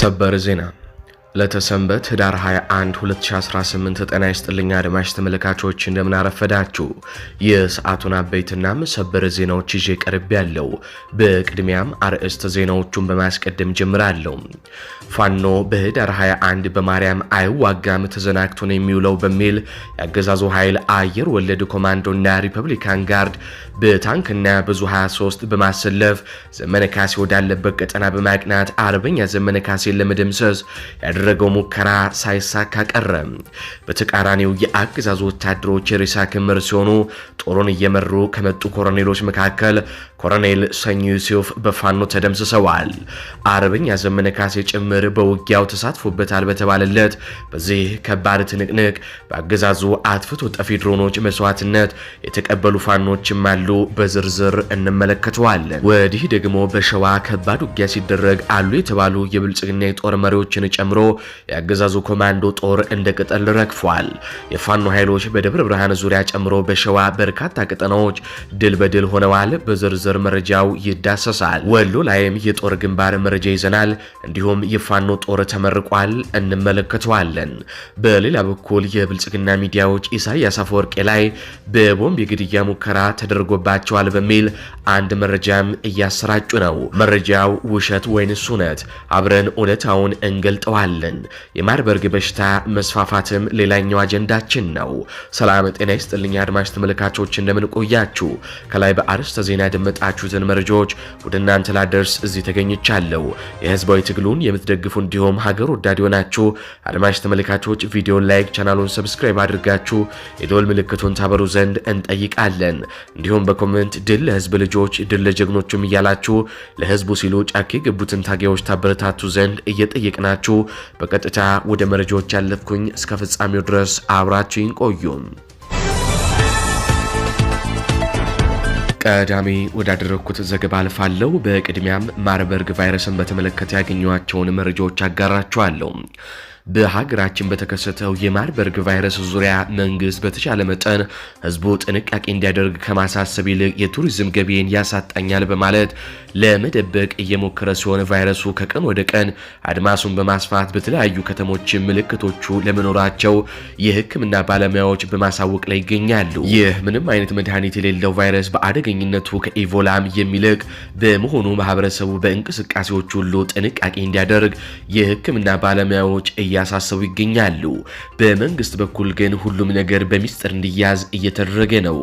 ሰበር ዜና ለተሰንበት ህዳር 21 2018 ጤና ይስጥልኝ አድማጭ ተመልካቾች እንደምናረፈዳችሁ የሰዓቱን አበይትና መሰበር ዜናዎች ይዤ ቀርብ ያለው። በቅድሚያም አርዕስት ዜናዎቹን በማስቀደም ጀምራለሁ። ፋኖ በህዳር 21 በማርያም አይዋጋም ተዘናግቶ ነው የሚውለው በሚል የአገዛዙ ኃይል አየር ወለድ ኮማንዶና ሪፐብሊካን ጋርድ በታንክና ብዙ 23 በማሰለፍ ዘመነ ካሴ ወዳለበት ቀጠና በማቅናት አርበኛ ዘመነ ካሴን ለመደምሰስ ያደረ ያደረገው ሙከራ ሳይሳካ ቀረ። በተቃራኒው የአገዛዙ ወታደሮች የሬሳ ክምር ሲሆኑ ጦሩን እየመሩ ከመጡ ኮሎኔሎች መካከል ኮሎኔል ሰኞ ዮሴፍ በፋኖ ተደምስሰዋል። አርበኛ ዘመነ ካሴ ጭምር በውጊያው ተሳትፎበታል በተባለለት በዚህ ከባድ ትንቅንቅ በአገዛዙ አጥፍቶ ጠፊ ድሮኖች መስዋዕትነት የተቀበሉ ፋኖችም አሉ። በዝርዝር እንመለከተዋለን። ወዲህ ደግሞ በሸዋ ከባድ ውጊያ ሲደረግ አሉ የተባሉ የብልጽግና የጦር መሪዎችን ጨምሮ የአገዛዙ ኮማንዶ ጦር እንደ ቅጠል ረግፏል። የፋኖ ኃይሎች በደብረ ብርሃን ዙሪያ ጨምሮ በሸዋ በርካታ ቀጠናዎች ድል በድል ሆነዋል። በዝርዝር ዝርዝር መረጃው ይዳሰሳል። ወሎ ላይም የጦር ግንባር መረጃ ይዘናል። እንዲሁም የፋኖ ጦር ተመርቋል፣ እንመለከተዋለን። በሌላ በኩል የብልጽግና ሚዲያዎች ኢሳያስ አፈወርቄ ላይ በቦምብ የግድያ ሙከራ ተደርጎባቸዋል በሚል አንድ መረጃም እያሰራጩ ነው። መረጃው ውሸት ወይንስ እውነት? አብረን እውነታውን እንገልጠዋለን። የማርበርግ በሽታ መስፋፋትም ሌላኛው አጀንዳችን ነው። ሰላም ጤና ይስጥልኝ አድማጭ ተመልካቾች እንደምንቆያችሁ። ከላይ በአርስተ ዜና ደመጠ የሰጣችሁትን መረጃዎች ወደ እናንተ ላደርስ እዚህ ተገኝቻለሁ። የህዝባዊ ትግሉን የምትደግፉ እንዲሁም ሀገር ወዳድ የሆናችሁ አድማጭ ተመልካቾች ቪዲዮን ላይክ፣ ቻናሉን ሰብስክራይብ አድርጋችሁ የዶል ምልክቱን ታበሩ ዘንድ እንጠይቃለን። እንዲሁም በኮሜንት ድል ለህዝብ ልጆች፣ ድል ለጀግኖቹም እያላችሁ ለህዝቡ ሲሉ ጫካ የገቡትን ታጋዮች ታበረታቱ ዘንድ እየጠየቅናችሁ በቀጥታ ወደ መረጃዎች ያለፍኩኝ። እስከ ፍጻሜው ድረስ አብራችሁን ቆዩ። ቀዳሚ ወዳደረኩት ዘገባ አልፋለሁ። በቅድሚያም ማርበርግ ቫይረስን በተመለከተ ያገኘኋቸውን መረጃዎች አጋራችኋለሁ። በሀገራችን በተከሰተው የማርበርግ ቫይረስ ዙሪያ መንግስት በተቻለ መጠን ህዝቡ ጥንቃቄ እንዲያደርግ ከማሳሰብ ይልቅ የቱሪዝም ገቢን ያሳጣኛል በማለት ለመደበቅ እየሞከረ ሲሆን ቫይረሱ ከቀን ወደ ቀን አድማሱን በማስፋት በተለያዩ ከተሞች ምልክቶቹ ለመኖራቸው የህክምና ባለሙያዎች በማሳወቅ ላይ ይገኛሉ። ይህ ምንም አይነት መድኃኒት የሌለው ቫይረስ በአደገኝነቱ ከኢቮላም የሚልቅ በመሆኑ ማህበረሰቡ በእንቅስቃሴዎች ሁሉ ጥንቃቄ እንዲያደርግ የህክምና ባለሙያዎች እያ እያሳሰቡ ይገኛሉ። በመንግስት በኩል ግን ሁሉም ነገር በሚስጥር እንዲያዝ እየተደረገ ነው።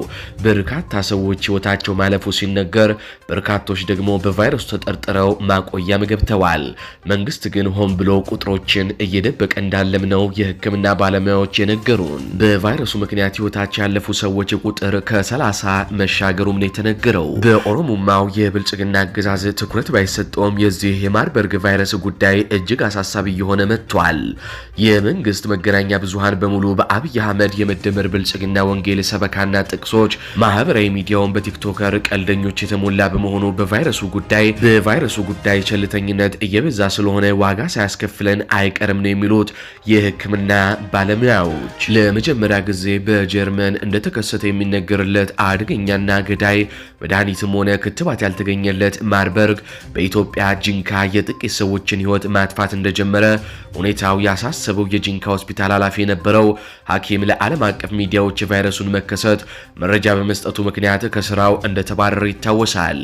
በርካታ ሰዎች ህይወታቸው ማለፉ ሲነገር፣ በርካቶች ደግሞ በቫይረሱ ተጠርጥረው ማቆያም ገብተዋል። መንግስት ግን ሆን ብሎ ቁጥሮችን እየደበቀ እንዳለም ነው የህክምና ባለሙያዎች የነገሩን። በቫይረሱ ምክንያት ህይወታቸው ያለፉ ሰዎች ቁጥር ከ30 መሻገሩም ነው የተነገረው። በኦሮሞማው የብልጽግና አገዛዝ ትኩረት ባይሰጠውም የዚህ የማርበርግ ቫይረስ ጉዳይ እጅግ አሳሳቢ እየሆነ መጥቷል። የመንግስት መገናኛ ብዙሃን በሙሉ በአብይ አህመድ የመደመር ብልጽግና ወንጌል ሰበካና ጥቅሶች ማህበራዊ ሚዲያውን በቲክቶከር ቀልደኞች የተሞላ በመሆኑ በቫይረሱ ጉዳይ በቫይረሱ ጉዳይ ቸልተኝነት እየበዛ ስለሆነ ዋጋ ሳያስከፍለን አይቀርም ነው የሚሉት የህክምና ባለሙያዎች። ለመጀመሪያ ጊዜ በጀርመን እንደተከሰተ የሚነገርለት አደገኛና ገዳይ መድኃኒትም ሆነ ክትባት ያልተገኘለት ማርበርግ በኢትዮጵያ ጅንካ የጥቂት ሰዎችን ህይወት ማጥፋት እንደጀመረ ሁኔታው ያሳሰበው የጂንካ ሆስፒታል ኃላፊ የነበረው ሐኪም ለዓለም አቀፍ ሚዲያዎች የቫይረሱን መከሰት መረጃ በመስጠቱ ምክንያት ከስራው እንደተባረረ ይታወሳል።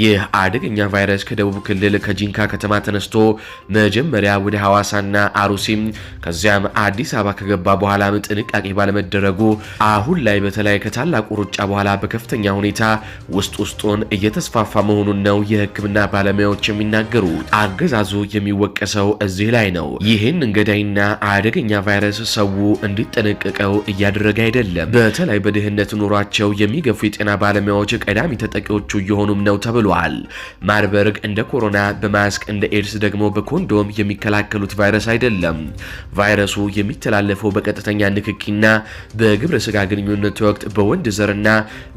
ይህ አደገኛ ቫይረስ ከደቡብ ክልል ከጂንካ ከተማ ተነስቶ መጀመሪያ ወደ ሐዋሳና አሩሲም ከዚያም አዲስ አበባ ከገባ በኋላም ጥንቃቄ ባለመደረጉ አሁን ላይ በተለይ ከታላቁ ሩጫ በኋላ በከፍተኛ ሁኔታ ውስጥ ውስጡን እየተስፋፋ መሆኑን ነው የሕክምና ባለሙያዎች የሚናገሩት። አገዛዙ የሚወቀሰው እዚህ ላይ ነው። ይህን እንግዲህ ገዳይና አደገኛ ቫይረስ ሰው እንዲጠነቀቀው እያደረገ አይደለም። በተለይ በድህነት ኑሯቸው የሚገፉ የጤና ባለሙያዎች ቀዳሚ ተጠቂዎቹ እየሆኑም ነው ተብሏል። ማርበርግ እንደ ኮሮና በማስክ እንደ ኤድስ ደግሞ በኮንዶም የሚከላከሉት ቫይረስ አይደለም። ቫይረሱ የሚተላለፈው በቀጥተኛ ንክኪና በግብረ ስጋ ግንኙነት ወቅት በወንድ ዘርና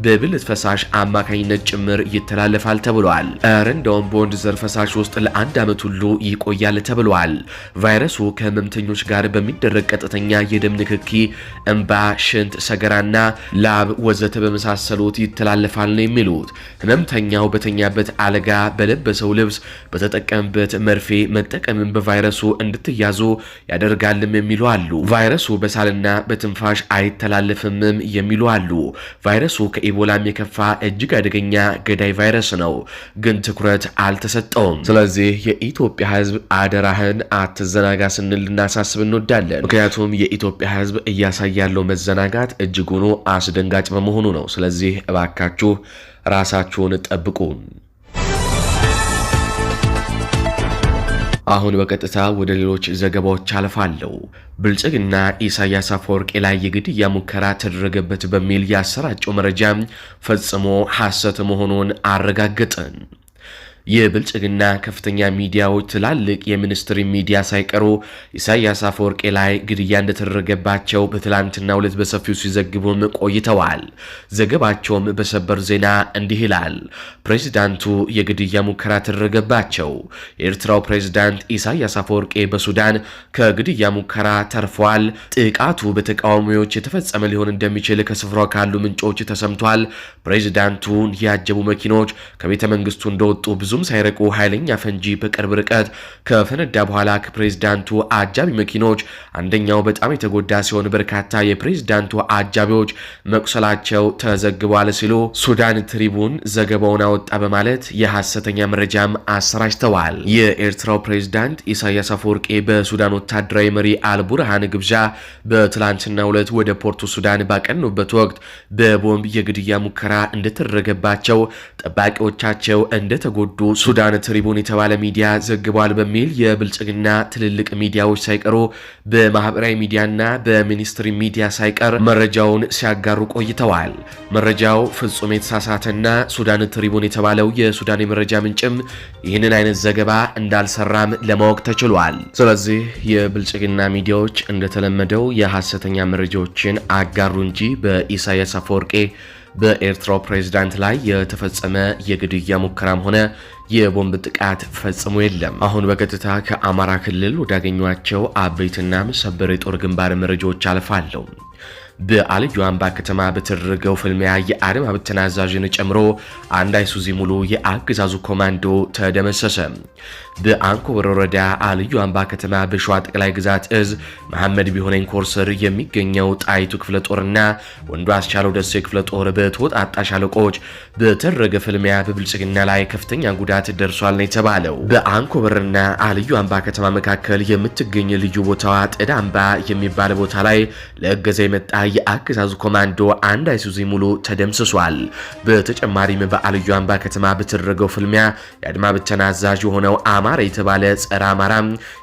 በብልት ፈሳሽ አማካኝነት ጭምር ይተላለፋል ተብሏል። ኧረ እንደውም በወንድ ዘር ፈሳሽ ውስጥ ለአንድ ዓመት ሁሉ ይቆያል ተብሏል። ቫይረሱ ከ ከህመምተኞች ጋር በሚደረግ ቀጥተኛ የደም ንክኪ እንባ፣ ሽንት፣ ሰገራና ላብ ወዘተ በመሳሰሉት ይተላለፋል ነው የሚሉት። ህመምተኛው በተኛበት አልጋ፣ በለበሰው ልብስ፣ በተጠቀምበት መርፌ መጠቀምን በቫይረሱ እንድትያዙ ያደርጋልም የሚሉ አሉ። ቫይረሱ በሳልና በትንፋሽ አይተላለፍምም የሚሉ አሉ። ቫይረሱ ከኢቦላም የከፋ እጅግ አደገኛ ገዳይ ቫይረስ ነው፣ ግን ትኩረት አልተሰጠውም። ስለዚህ የኢትዮጵያ ህዝብ አደራህን አትዘናጋ ስንል ልናሳስብ እንወዳለን። ምክንያቱም የኢትዮጵያ ህዝብ እያሳየ ያለው መዘናጋት እጅጉኑ አስደንጋጭ በመሆኑ ነው። ስለዚህ እባካችሁ ራሳችሁን ጠብቁ። አሁን በቀጥታ ወደ ሌሎች ዘገባዎች አልፋለሁ። ብልጽግና ኢሳያስ አፈወርቂ ላይ የግድያ ሙከራ ተደረገበት በሚል ያሰራጨው መረጃ ፈጽሞ ሐሰት መሆኑን አረጋገጠን። የብልጽግና ከፍተኛ ሚዲያዎች ትላልቅ የሚኒስትሪ ሚዲያ ሳይቀሩ ኢሳያስ አፈወርቄ ላይ ግድያ እንደተደረገባቸው በትላንትና ሁለት በሰፊው ሲዘግቡም ቆይተዋል። ዘገባቸውም በሰበር ዜና እንዲህ ይላል። ፕሬዚዳንቱ የግድያ ሙከራ ተደረገባቸው። የኤርትራው ፕሬዚዳንት ኢሳያስ አፈወርቄ በሱዳን ከግድያ ሙከራ ተርፏል። ጥቃቱ በተቃዋሚዎች የተፈጸመ ሊሆን እንደሚችል ከስፍራው ካሉ ምንጮች ተሰምቷል። ፕሬዚዳንቱን ያጀቡ መኪኖች ከቤተ መንግስቱ እንደወጡ ብዙ ብዙም ሳይረቁ ኃይለኛ ፈንጂ በቅርብ ርቀት ከፈነዳ በኋላ ከፕሬዝዳንቱ አጃቢ መኪኖች አንደኛው በጣም የተጎዳ ሲሆን በርካታ የፕሬዝዳንቱ አጃቢዎች መቁሰላቸው ተዘግቧል ሲሉ ሱዳን ትሪቡን ዘገባውን አወጣ በማለት የሐሰተኛ መረጃም አሰራጭተዋል። የኤርትራው ፕሬዝዳንት ኢሳያስ አፈወርቄ በሱዳን ወታደራዊ መሪ አልቡርሃን ግብዣ በትላንትናው ዕለት ወደ ፖርቱ ሱዳን ባቀኑበት ወቅት በቦምብ የግድያ ሙከራ እንደተደረገባቸው፣ ጠባቂዎቻቸው እንደተጎዱ ሱዳን ትሪቡን የተባለ ሚዲያ ዘግቧል በሚል የብልጽግና ትልልቅ ሚዲያዎች ሳይቀሩ በማህበራዊ ሚዲያና በሚኒስትሪ ሚዲያ ሳይቀር መረጃውን ሲያጋሩ ቆይተዋል። መረጃው ፍጹም የተሳሳተና ሱዳን ትሪቡን የተባለው የሱዳን የመረጃ ምንጭም ይህንን አይነት ዘገባ እንዳልሰራም ለማወቅ ተችሏል። ስለዚህ የብልጽግና ሚዲያዎች እንደተለመደው የሐሰተኛ መረጃዎችን አጋሩ እንጂ በኢሳያስ አፈወርቄ በኤርትራው ፕሬዝዳንት ላይ የተፈጸመ የግድያ ሙከራም ሆነ የቦምብ ጥቃት ፈጽሞ የለም። አሁን በቀጥታ ከአማራ ክልል ወዳገኟቸው አበይትና ሰበር የጦር ግንባር መረጃዎች አልፋለሁ። በአልዩ አምባ ከተማ በተደረገው ፍልሚያ የአድማ ብተና አዛዥን ጨምሮ አንድ አይሱዚ ሙሉ የአገዛዙ ኮማንዶ ተደመሰሰ። በአንኮበር ወረዳ አልዩ አምባ ከተማ በሸዋ ጠቅላይ ግዛት እዝ መሐመድ ቢሆነኝ ኮርሰር የሚገኘው ጣይቱ ክፍለ ጦርና ወንዱ አስቻለው ደሴ ክፍለ ጦር በተወጣጣ ሻለቆች በተደረገ ፍልሚያ በብልጽግና ላይ ከፍተኛ ጉዳት ደርሷል ነው የተባለው። በአንኮበርና አልዩ አምባ ከተማ መካከል የምትገኝ ልዩ ቦታዋ ጥዳ አምባ የሚባለ ቦታ ላይ ለእገዛ የመጣ የአገዛዙ ኮማንዶ አንድ አይሱዚ ሙሉ ተደምስሷል። በተጨማሪም በአልዩ አምባ ከተማ በተደረገው ፍልሚያ የአድማ ብተና አዛዥ የሆነው አማረ የተባለ ጸረ አማራ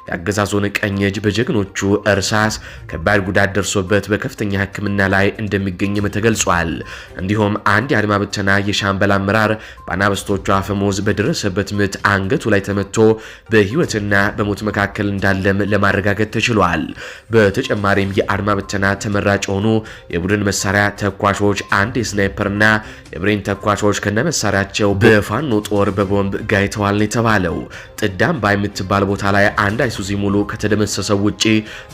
የአገዛዙን ቀኝ እጅ በጀግኖቹ እርሳስ ከባድ ጉዳት ደርሶበት በከፍተኛ ሕክምና ላይ እንደሚገኝም ተገልጿል። እንዲሁም አንድ የአድማ ብተና የሻምበል አመራር በአናበስቶቹ አፈሙዝ በደረሰበት ምት አንገቱ ላይ ተመቶ በህይወትና በሞት መካከል እንዳለም ለማረጋገጥ ተችሏል። በተጨማሪም የአድማ ብተና ተመራጭ የሆኑ የቡድን መሳሪያ ተኳሾች፣ አንድ የስናይፐርና የብሬን ተኳሾች ከነመሳሪያቸው በፋኖ ጦር በቦምብ ጋይተዋል የተባለው ሰዳም የምትባል ቦታ ላይ አንድ አይሱዚ ሙሉ ከተደመሰሰው ውጪ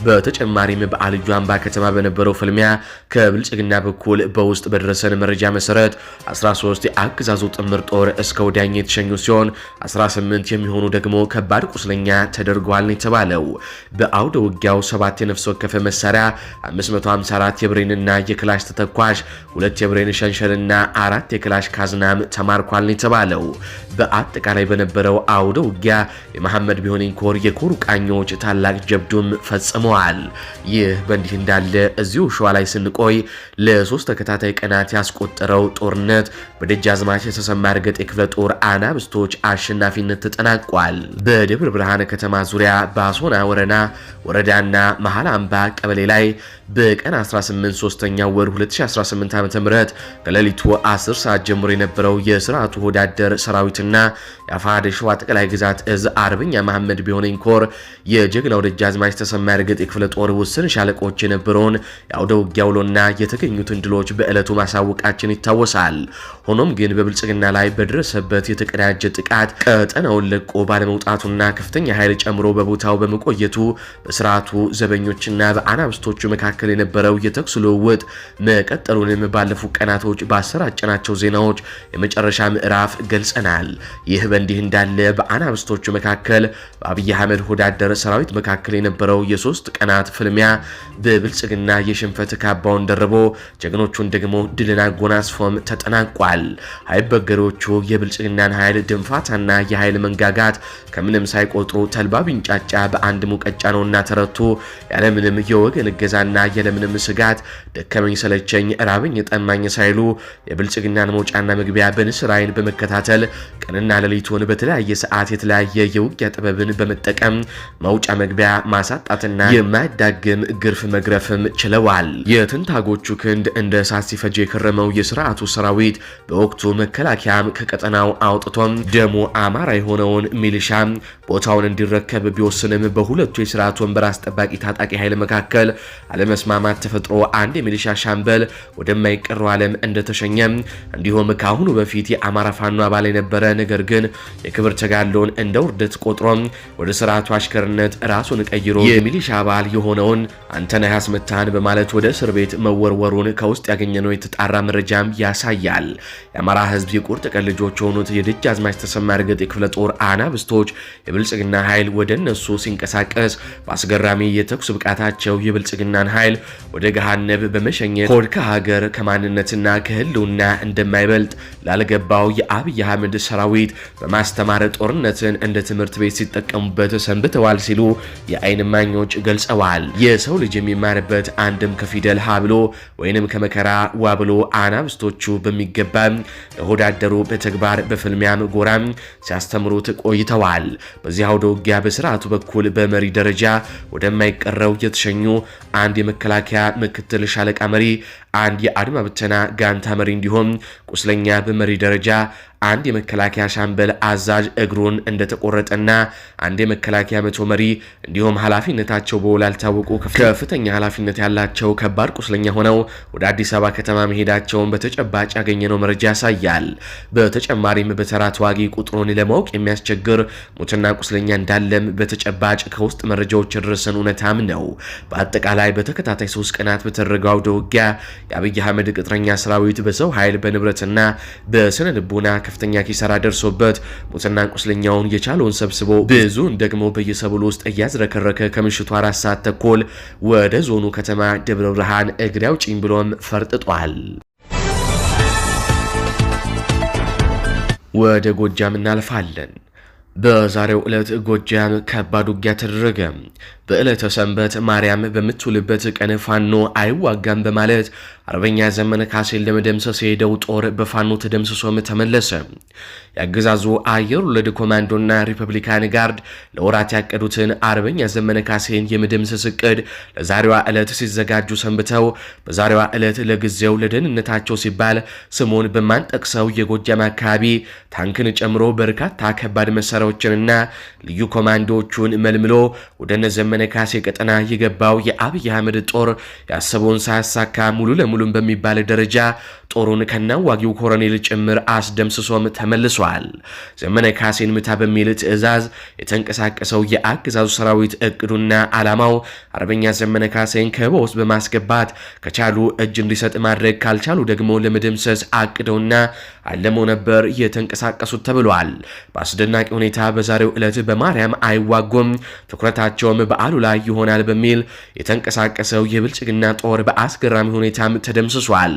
በተጨማሪም በአልጁ አምባ ከተማ በነበረው ፍልሚያ ከብልጽግና በኩል በውስጥ በደረሰን መረጃ መሰረት 13 የአገዛዙ ጥምር ጦር እስከ ወዲያኛ የተሸኙ ሲሆን 18 የሚሆኑ ደግሞ ከባድ ቁስለኛ ተደርገዋል ነው የተባለው። በአውደ ውጊያው 7 የነፍስ ወከፈ መሳሪያ፣ 554 የብሬንና የክላሽ ተተኳሽ፣ ሁለት የብሬን ሸንሸልና አራት የክላሽ ካዝናም ተማርኳል ነው የተባለው። በአጠቃላይ በነበረው አውደ ውጊያ የመሐመድ ቢሆነኝ ኮር የኮሩ ቃኞች ታላቅ ጀብዱም ፈጽመዋል። ይህ በእንዲህ እንዳለ እዚሁ ሸዋ ላይ ስንቆይ ለሶስት ተከታታይ ቀናት ያስቆጠረው ጦርነት በደጃዝማች የተሰማ እርገጥ የክፍለ ጦር አናብስቶች አሸናፊነት ተጠናቋል። በደብረ ብርሃን ከተማ ዙሪያ በአሶና ወረና ወረዳና መሀል አምባ ቀበሌ ላይ በቀን 18 ኛ ወር 2018 ዓ ም ከሌሊቱ 10 ሰዓት ጀምሮ የነበረው የስርዓቱ ወዳደር ሰራዊትና የአፋደ ሸዋ ጠቅላይ ግዛት እዝ አርበኛ መሐመድ ቢሆነኝ ኮር የጀግናው ደጃዝማች ተሰማ እርግጥ የክፍለ ጦር ውስን ሻለቆች የነበረውን የአውደ ውጊያ ውሎና የተገኙትን ድሎች በዕለቱ ማሳወቃችን ይታወሳል። ሆኖም ግን በብልጽግና ላይ በደረሰበት የተቀዳጀ ጥቃት ቀጠናውን ለቆ ባለመውጣቱና ከፍተኛ ኃይል ጨምሮ በቦታው በመቆየቱ በስርዓቱ ዘበኞችና በአናብስቶቹ መካከል የነበረው የተኩስ ልውውጥ መቀጠሉንም ባለፉት ቀናቶች ባሰራጨናቸው ዜናዎች የመጨረሻ ምዕራፍ ገልጸናል። ይህ በእንዲህ እንዳለ በአናብስቶቹ መካከል በአብይ አህመድ ሆዳደር ሰራዊት መካከል የነበረው የሶስት ቀናት ፍልሚያ በብልጽግና የሽንፈት ካባውን ደርቦ ጀግኖቹን ደግሞ ድልን አጎናጽፎም ተጠናቋል። አይበገሬዎቹ የብልጽግናን ኃይል ድንፋታና የኃይል መንጋጋት ከምንም ሳይቆጥሩ ተልባ ቢንጫጫ በአንድ ሙቀጫ ነውና ተረቱ ያለምንም የወገን እገዛና ያለምንም ስጋት ደከመኝ ሰለቸኝ ራብኝ ጠማኝ ሳይሉ የብልጽግናን መውጫና መግቢያ በንስር አይን በመከታተል ቀንና ሌሊቱን በተለያየ ሰዓት የተለያየ የውጊያ ጥበብን በመጠቀም መውጫ መግቢያ ማሳጣትና የማያዳግም ግርፍ መግረፍም ችለዋል። የትንታጎቹ ክንድ እንደ እሳት ሲፈጅ የከረመው የስርዓቱ ሰራዊት በወቅቱ መከላከያም ከቀጠናው አውጥቶም ደሞ አማራ የሆነውን ሚሊሻ ቦታውን እንዲረከብ ቢወስንም በሁለቱ የስርዓቱ ወንበር አስጠባቂ ታጣቂ ኃይል መካከል አለመስማማት ተፈጥሮ አንድ የሚሊሻ ሻምበል ወደማይቀረው ዓለም እንደተሸኘ እንዲሁም ከአሁኑ በፊት የአማራ ፋኖ አባል የነበረ ነገር ግን የክብር ተጋድሎን እንደ ውርደት ቆጥሮ ወደ ስርዓቱ አሽከርነት ራሱን ቀይሮ የሚሊሻ አባል የሆነውን አንተነህ አስመታን በማለት ወደ እስር ቤት መወርወሩን ከውስጥ ያገኘነው የተጣራ መረጃም ያሳያል። የአማራ ህዝብ የቁርጥ ቀን ልጆች የሆኑት አዝማች ተሰማ እርገጥ የክፍለ ጦር አናብስቶች የብልጽግና ኃይል ወደ እነሱ ሲንቀሳቀስ በአስገራሚ የተኩስ ብቃታቸው የብልጽግናን ኃይል ወደ ገሃነብ በመሸኘት ሆድ ከሀገር ከማንነትና ከህልውና እንደማይበልጥ ላልገባው የአብይ አህመድ ሰራዊት በማስተማረ ጦርነትን እንደ ትምህርት ቤት ሲጠቀሙበት ሰንብተዋል ሲሉ የአይን ማኞች ገልጸዋል። የሰው ልጅ የሚማርበት አንድም ከፊደል ሀ ብሎ ወይንም ከመከራ ዋ ብሎ አናብስቶቹ በሚገባ ለሆዳደሩ አደሩ በተግባር በፍልሚያም ጎራም ሲያስተምሩት ቆይተዋል። በዚህ አውደ ውጊያ በስርዓቱ በኩል በመሪ ደረጃ ወደማይቀረው የተሸኙ አንድ የመከላከያ ምክትል ሻለቃ መሪ አንድ የአድማ ብተና ጋንታ መሪ እንዲሁም ቁስለኛ በመሪ ደረጃ አንድ የመከላከያ ሻምበል አዛዥ እግሩን እንደተቆረጠና አንድ የመከላከያ መቶ መሪ እንዲሁም ኃላፊነታቸው በውል ያልታወቁ ከፍተኛ ኃላፊነት ያላቸው ከባድ ቁስለኛ ሆነው ወደ አዲስ አበባ ከተማ መሄዳቸውን በተጨባጭ ያገኘነው መረጃ ያሳያል። በተጨማሪም በተራ ተዋጊ ቁጥሩን ለማወቅ የሚያስቸግር ሞትና ቁስለኛ እንዳለም በተጨባጭ ከውስጥ መረጃዎች የደረሰን እውነታም ነው። በአጠቃላይ በተከታታይ ሶስት ቀናት በተደረገው አውደ ውጊያ የአብይ አህመድ ቅጥረኛ ሰራዊት በሰው ኃይል በንብረትና በስነ ልቦና ከፍተኛ ኪሳራ ደርሶበት ሙትና ቁስለኛውን የቻለውን ሰብስቦ ብዙን ደግሞ በየሰብሉ ውስጥ እያዝረከረከ ከምሽቱ አራት ሰዓት ተኩል ወደ ዞኑ ከተማ ደብረ ብርሃን እግሬ አውጪኝ ብሎም ፈርጥጧል። ወደ ጎጃም እናልፋለን። በዛሬው ዕለት ጎጃም ከባድ ውጊያ ተደረገ። በዕለተ ሰንበት ማርያም በምትውልበት ቀን ፋኖ አይዋጋም በማለት አርበኛ ዘመነ ካሴን ለመደምሰስ የሄደው ጦር በፋኖ ተደምስሶም ተመለሰ። የአገዛዙ አየር ወለድ ኮማንዶና ሪፐብሊካን ጋርድ ለወራት ያቀዱትን አርበኛ ዘመነ ካሴን የመደምሰስ እቅድ ለዛሬዋ ዕለት ሲዘጋጁ ሰንብተው በዛሬዋ ዕለት ለጊዜው ለደህንነታቸው ሲባል ስሙን በማንጠቅሰው የጎጃም አካባቢ ታንክን ጨምሮ በርካታ ከባድ መሳሪያዎችንና ልዩ ኮማንዶዎቹን መልምሎ ወደነ ዘመነ በነካሴ ቀጠና የገባው የአብይ አህመድ ጦር ያሰበውን ሳያሳካ ሙሉ ለሙሉም በሚባል ደረጃ ጦሩን ከናዋጊው ዋጊው ኮሎኔል ጭምር አስደምስሶም ተመልሷል። ዘመነ ካሴን ምታ በሚል ትዕዛዝ የተንቀሳቀሰው የአገዛዙ ሰራዊት እቅዱና ዓላማው አርበኛ ዘመነ ካሴን ከበባ በማስገባት ከቻሉ እጅ እንዲሰጥ ማድረግ፣ ካልቻሉ ደግሞ ለመደምሰስ አቅደውና አለመው ነበር የተንቀሳቀሱት ተብሏል። በአስደናቂ ሁኔታ በዛሬው ዕለት በማርያም አይዋጉም፣ ትኩረታቸውም በዓሉ ላይ ይሆናል በሚል የተንቀሳቀሰው የብልጽግና ጦር በአስገራሚ ሁኔታም ተደምስሷል።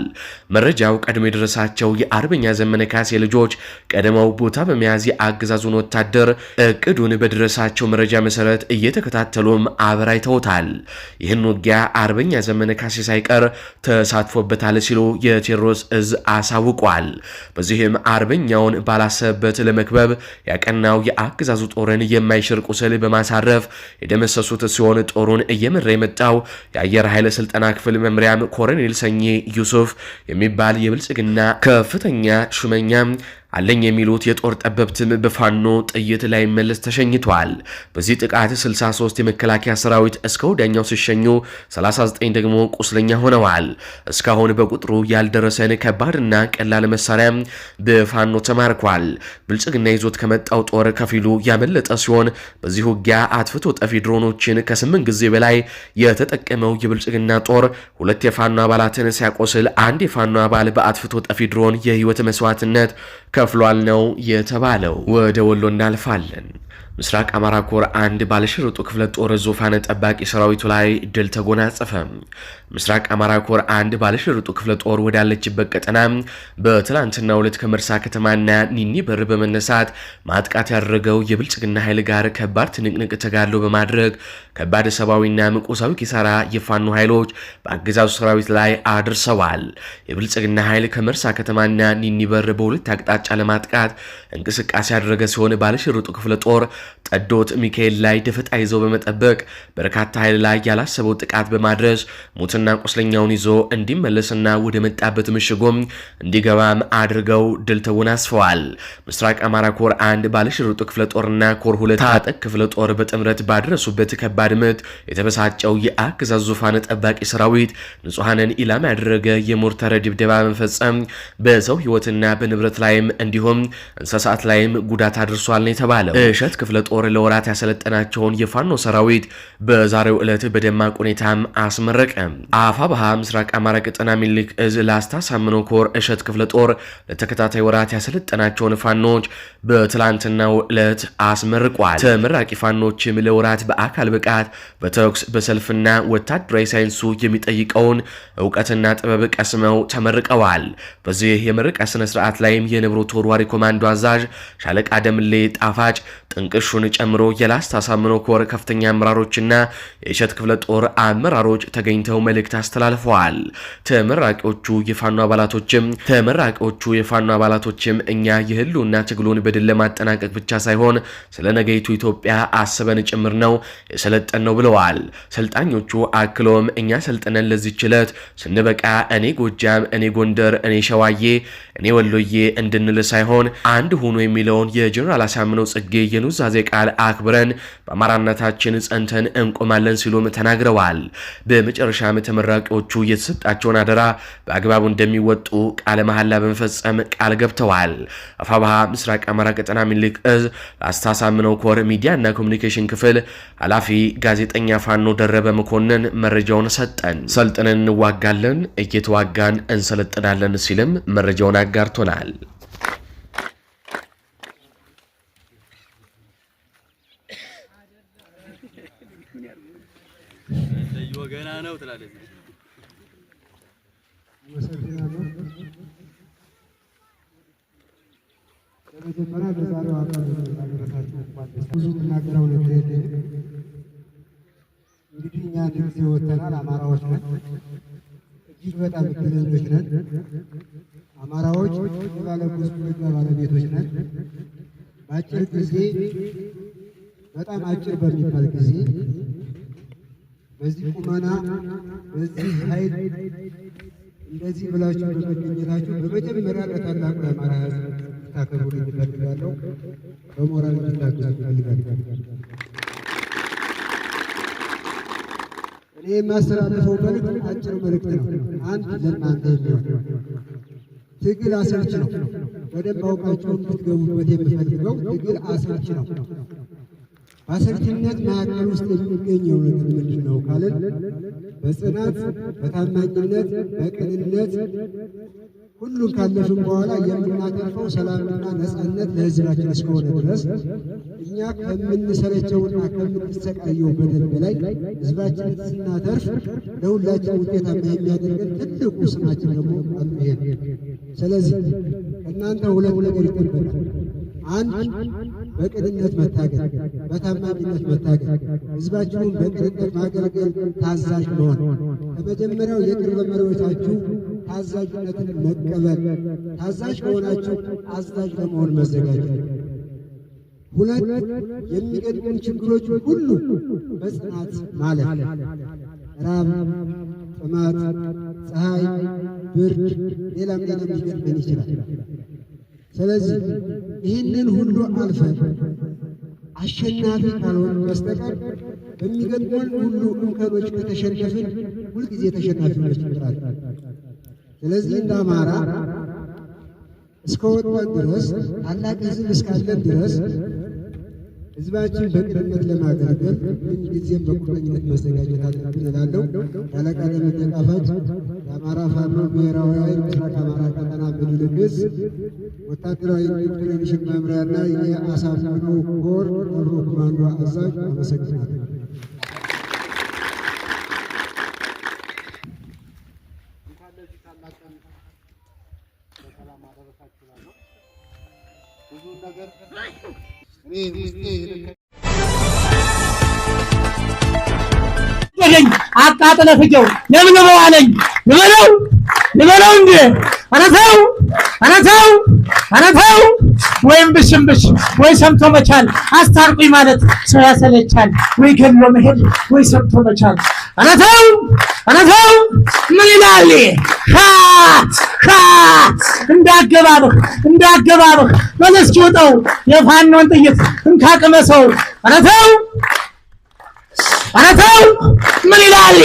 መረጃ ደረጃው ቀድሞ የደረሳቸው የአርበኛ ዘመነ ካሴ ልጆች ቀድመው ቦታ በመያዝ የአገዛዙን ወታደር እቅዱን በደረሳቸው መረጃ መሰረት እየተከታተሉም አበራይተውታል። ይህን ውጊያ አርበኛ ዘመነ ካሴ ሳይቀር ተሳትፎበታል ሲሉ የቴዎድሮስ እዝ አሳውቋል። በዚህም አርበኛውን ባላሰበበት ለመክበብ ያቀናው የአገዛዙ ጦርን የማይሽር ቁስል በማሳረፍ የደመሰሱት ሲሆን ጦሩን እየመራ የመጣው የአየር ኃይል ስልጠና ክፍል መምሪያም ኮረኔል ሰኚ ዩሱፍ የሚባል የብልጽግና ከፍተኛ ሹመኛ አለኝ የሚሉት የጦር ጠበብትም በፋኖ ጥይት ላይ መለስ ተሸኝቷል። በዚህ ጥቃት 63 የመከላከያ ሰራዊት እስከ ወዲያኛው ሲሸኙ 39 ደግሞ ቁስለኛ ሆነዋል። እስካሁን በቁጥሩ ያልደረሰን ከባድና ቀላል መሳሪያ በፋኖ ተማርኳል። ብልጽግና ይዞት ከመጣው ጦር ከፊሉ ያመለጠ ሲሆን በዚህ ውጊያ አጥፍቶ ጠፊ ድሮኖችን ከስምንት ጊዜ በላይ የተጠቀመው የብልጽግና ጦር ሁለት የፋኖ አባላትን ሲያቆስል አንድ የፋኖ አባል በአጥፍቶ ጠፊ ድሮን የህይወት መስዋዕትነት ከፍሏል ነው የተባለው። ወደ ወሎ እናልፋለን። ምስራቅ አማራ ኮር አንድ ባለሽርጡ ክፍለ ጦር ዙፋን ጠባቂ ሰራዊቱ ላይ ድል ተጎናጸፈ። ምስራቅ አማራ ኮር አንድ ባለሽርጡ ክፍለ ጦር ወዳለችበት ቀጠና በትላንትና ሁለት ከመርሳ ከተማና ኒኒ በር በመነሳት ማጥቃት ያደረገው የብልጽግና ኃይል ጋር ከባድ ትንቅንቅ ተጋድሎ በማድረግ ከባድ ሰብአዊና ቁሳዊ ኪሳራ የፋኑ ኃይሎች በአገዛዙ ሰራዊት ላይ አድርሰዋል። የብልጽግና ኃይል ከመርሳ ከተማና ኒኒ በር በሁለት አቅጣጫ ለማጥቃት እንቅስቃሴ ያደረገ ሲሆን ባለሽርጡ ክፍለ ጦር ጠዶት ሚካኤል ላይ ደፈጣ ይዞ በመጠበቅ በርካታ ኃይል ላይ ያላሰበው ጥቃት በማድረስ ሙትና ቁስለኛውን ይዞ እንዲመለስና ወደ መጣበት ምሽጎም እንዲገባም አድርገው ድል ተጎናጽፈዋል። ምስራቅ አማራ ኮር አንድ ባለሽርጡ ክፍለ ጦርና ኮር ሁለት ታጠቅ ክፍለ ጦር በጥምረት ባደረሱበት ከባድ ምት የተበሳጨው የአገዛዙ ዙፋን ጠባቂ ሰራዊት ንጹሐንን ኢላማ ያደረገ የሞርተር ድብደባ መፈጸም በሰው ህይወትና በንብረት ላይም እንዲሁም እንስሳት ላይም ጉዳት አድርሷል ነው የተባለው። እሸት ክፍለ ክፍለ ጦር ለወራት ያሰለጠናቸውን የፋኖ ሰራዊት በዛሬው ዕለት በደማቅ ሁኔታም አስመረቀ። አፋ ባሃ ምስራቅ አማራ ቅጠና ሚኒልክ እዝ ላስታ ሳምኖ ኮር እሸት ክፍለ ጦር ለተከታታይ ወራት ያሰለጠናቸውን ፋኖች በትላንትናው ዕለት አስመርቋል። ተመራቂ ፋኖችም ለወራት በአካል ብቃት በተኩስ በሰልፍና ወታደራዊ ሳይንሱ የሚጠይቀውን እውቀትና ጥበብ ቀስመው ተመርቀዋል። በዚህ የምረቃ ስነ ስርዓት ላይም የንብሮ ተወርዋሪ ኮማንዶ አዛዥ ሻለቃ ደምሌ ጣፋጭ ጥንቅሽ ስለሹን ጨምሮ የላስታ አሳምኖ ኮር ከፍተኛ አመራሮችና የእሸት ክፍለ ጦር አመራሮች ተገኝተው መልእክት አስተላልፈዋል። ተመራቂዎቹ የፋኖ አባላቶችም ተመራቂዎቹ የፋኖ አባላቶችም እኛ የህልውና ትግሉን በድል ለማጠናቀቅ ብቻ ሳይሆን ስለ ነገይቱ ኢትዮጵያ አስበን ጭምር ነው የሰለጠን ነው ብለዋል። ሰልጣኞቹ አክሎም እኛ ሰልጥነን ለዚህ ችለት ስንበቃ እኔ ጎጃም፣ እኔ ጎንደር፣ እኔ ሸዋዬ፣ እኔ ወሎዬ እንድንል ሳይሆን አንድ ሁኑ የሚለውን የጀኔራል አሳምነው ጽጌ የኑዛ የአገዛዜ ቃል አክብረን በአማራነታችን ጸንተን እንቆማለን ሲሉም ተናግረዋል። በመጨረሻም ተመራቂዎቹ የተሰጣቸውን አደራ በአግባቡ እንደሚወጡ ቃለ መሐላ በመፈጸም ቃል ገብተዋል። አፋባሃ ምስራቅ አማራ ቀጠና ሚኒልክ እዝ አስታሳምነው ኮር ሚዲያና ኮሚኒኬሽን ክፍል ኃላፊ ጋዜጠኛ ፋኖ ደረበ መኮንን መረጃውን ሰጠን። ሰልጥነን እንዋጋለን፣ እየተዋጋን እንሰለጥናለን ሲልም መረጃውን አጋርቶናል። ወገና ነው ትላለች። በመጀመሪያ በዛሬው አካል ብዙ የምናገረው ነገር የለም። እንግዲህ እኛ አንድ ጊዜ ወተናል። አማራዎች ነን፣ እጅግ በጣም እድለኞች ነን። አማራዎች የባለጉዝ ፖለቲካ ባለቤቶች ነን። በአጭር ጊዜ በጣም አጭር በሚባል ጊዜ በዚህ ቁመና በዚህ ኃይል እንደዚህ ብላችሁ በመገኘታችሁ በመጀመሪያ ለታላቁ የአማራ ሕዝብ ታከብሩ እንፈልጋለሁ። በሞራል እንድታግዙ እንፈልጋለሁ። እኔ የማስተላለፈው መልእክት አጭር መልእክት ነው። አንድ ለእናንተ ይሆን ትግል አሰልች ነው። በደንብ አውቃችሁ እንድትገቡበት የምፈልገው ትግል አሰልች ነው። በአሰልቲነት መካከል ውስጥ የሚገኘው ነገር ምንድን ነው ካልን በጽናት፣ በታማኝነት፣ በቅንነት ሁሉን ካለፍን በኋላ የምናተርፈው ሰላምና ነፃነት ለህዝባችን እስከሆነ ድረስ እኛ ከምንሰለቸውና ከምንሰቃየው በደል በላይ ህዝባችን ስናተርፍ ለሁላችን ውጤታማ የሚያደርገን ትልቁ ስማችን ደግሞ አልሄድ። ስለዚህ እናንተ ሁለት ነገር ይጠበቃል። አንድ በቅንነት መታገል፣ በታማኝነት መታገል፣ ህዝባችሁን በቅንነት ማገልገል፣ ታዛዥ መሆን ከመጀመሪያው የቅርብ መሪዎቻችሁ ታዛዥነትን መቀበል፣ ታዛዥ ከሆናችሁ አዛዥ ለመሆን መዘጋጀት። ሁለት የሚገጥሙን ችግሮች ሁሉ በጽናት ማለት ራብ፣ ጥማት፣ ፀሐይ፣ ብርድ፣ ሌላም ሌላም ሊገጥመን ይችላል። ስለዚህ ይህንን ሁሉ አልፈን አሸናፊ ካልሆን በስተቀር በሚገጥሙን ሁሉ እንከኖች ከተሸነፍን ሁልጊዜ ተሸናፊዎች ይኖራል። ስለዚህ እንደ አማራ እስከ ድረስ ታላቅ ህዝብ እስካለን ድረስ ህዝባችን በቅንነት ለማገልገል ምንጊዜም በቁርጠኝነት መዘጋጀት አለብን እላለሁ። አለቃ ለመጠቃፋት የአማራ ፋኖ ብሔራዊ ኃይል ምስራቅ አማራ ቀጠና ምኒልክዝ ወታደራዊ ኢንስቲትዩሽን መምሪያና የአሳምኖ ኮር ቀብሮ ኮማንዶ አዛዥ አመሰግናለሁ። እኔ ውስጤ አጣጥለ ፍጀው ለምን ነው አለኝ። ልበለው ልበለው እንዴ! ኧረ ተው ኧረ ተው ኧረ ተው። ወይም ብሽምብሽ ወይ ሰምቶ መቻል አስታርቁኝ ማለት ሰው ያሰለቻል። ወይ ገሎ መሄድ ወይ ሰምቶ መቻል። ኧረ ተው ኧረ ተው። ምን ይላል ሻት ሻት እንዳገባብህ እንዳገባብህ በለስኪ ውጠው የፋኖን ጥይት እንካቅመሰው። ኧረ ተው ኧረ ተው ምን ይላል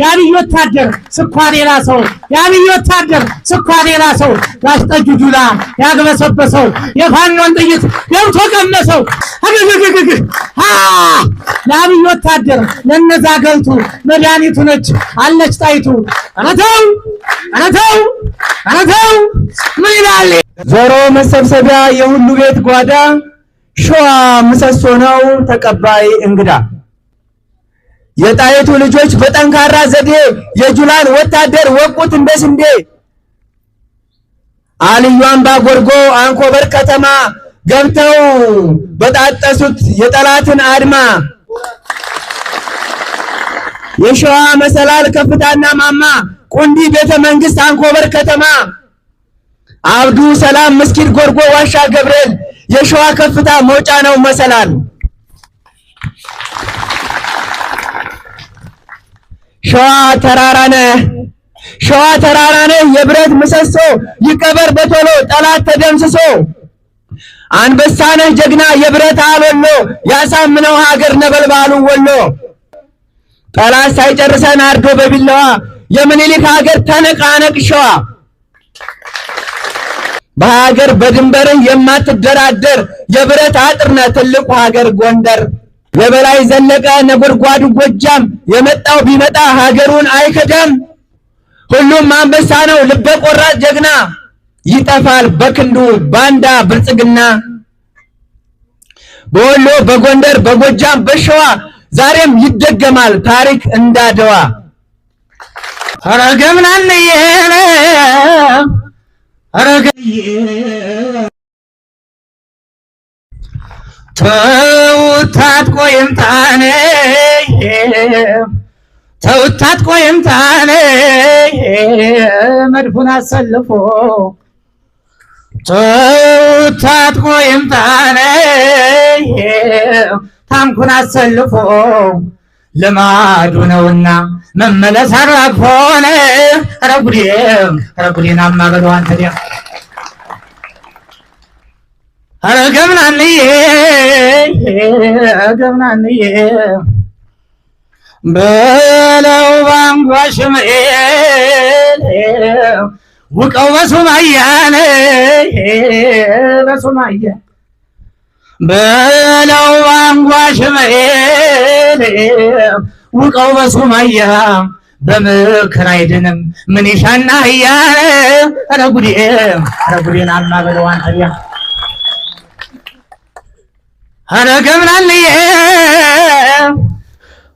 የአብይ ወታደር ስኳር የላሰው የአብይ ወታደር ስኳር የላሰው ጋሽ ጠጁ ዱላ ያግበሰበሰው የፋኖን ጥይት ገብቶ ቀመሰው ግግግግ ለአብይ ወታደር ለነዛ ገልቱ መድኃኒቱ ነች አለች ጣይቱ ኧረ ተው ኧረ ተው ኧረ ተው ምን ይላል ዞሮ መሰብሰቢያ የሁሉ ቤት ጓዳ ሸዋ ምሰሶ ነው ተቀባይ እንግዳ። የጣይቱ ልጆች በጠንካራ ዘዴ የጁላን ወታደር ወቁት እንደ ስንዴ። አልዩ አምባ ጎርጎ አንኮበር ከተማ ገብተው በጣጠሱት የጠላትን አድማ። የሸዋ መሰላል ከፍታና ማማ ቁንዲ ቤተ መንግስት አንኮበር ከተማ አብዱ ሰላም መስጊድ ጎርጎ ዋሻ ገብርኤል የሸዋ ከፍታ መውጫ ነው መሰላል። ሸዋ ተራራ ሸዋ ተራራነ የብረት ምሰሶ ይቀበር በቶሎ ጠላት ተደምስሶ። አንበሳነህ ጀግና የብረት አሎሎ ያሳምነው ሀገር ነበልባሉ ወሎ። ጠላት ሳይጨርሰን አርዶ በቢላዋ የምኒልክ ሀገር ተነቃነቅ ሸዋ በሀገር በድንበርህ የማትደራደር የብረት አጥር አጥርነ ትልቁ ሀገር ጎንደር። የበላይ ዘለቀ ነጎድጓዱ ጎጃም የመጣው ቢመጣ ሀገሩን አይከዳም። ሁሉም አንበሳ ነው ልበ ቆራጥ ጀግና ይጠፋል በክንዱ ባንዳ ብልጽግና። በወሎ በጎንደር በጎጃም በሸዋ ዛሬም ይደገማል ታሪክ እንዳደዋ። አረገየ ተውታት ቆይም ታነ ተውታት ቆይም ታነ መድፉን አሰልፎ ተውታት ቆይም ታነ አሰልፎ ልማዱ ነውና መመለስ አራግፎነ ረጉዴም ረጉዴናማ በለው አንተ ዲያ አረ ገምናንዬ ገምናንዬ በለው ባንጓሽምኤል ውቀው በሱማያን በሱማያ በለው ባንጓሽምኤል ውቀው በሱማያ በምክር አይድንም ምን ይሻና እያለ ኧረ ጉዴ ኧረ ጉዴን አማ በለው አንተያ ኧረ ገብናልዬ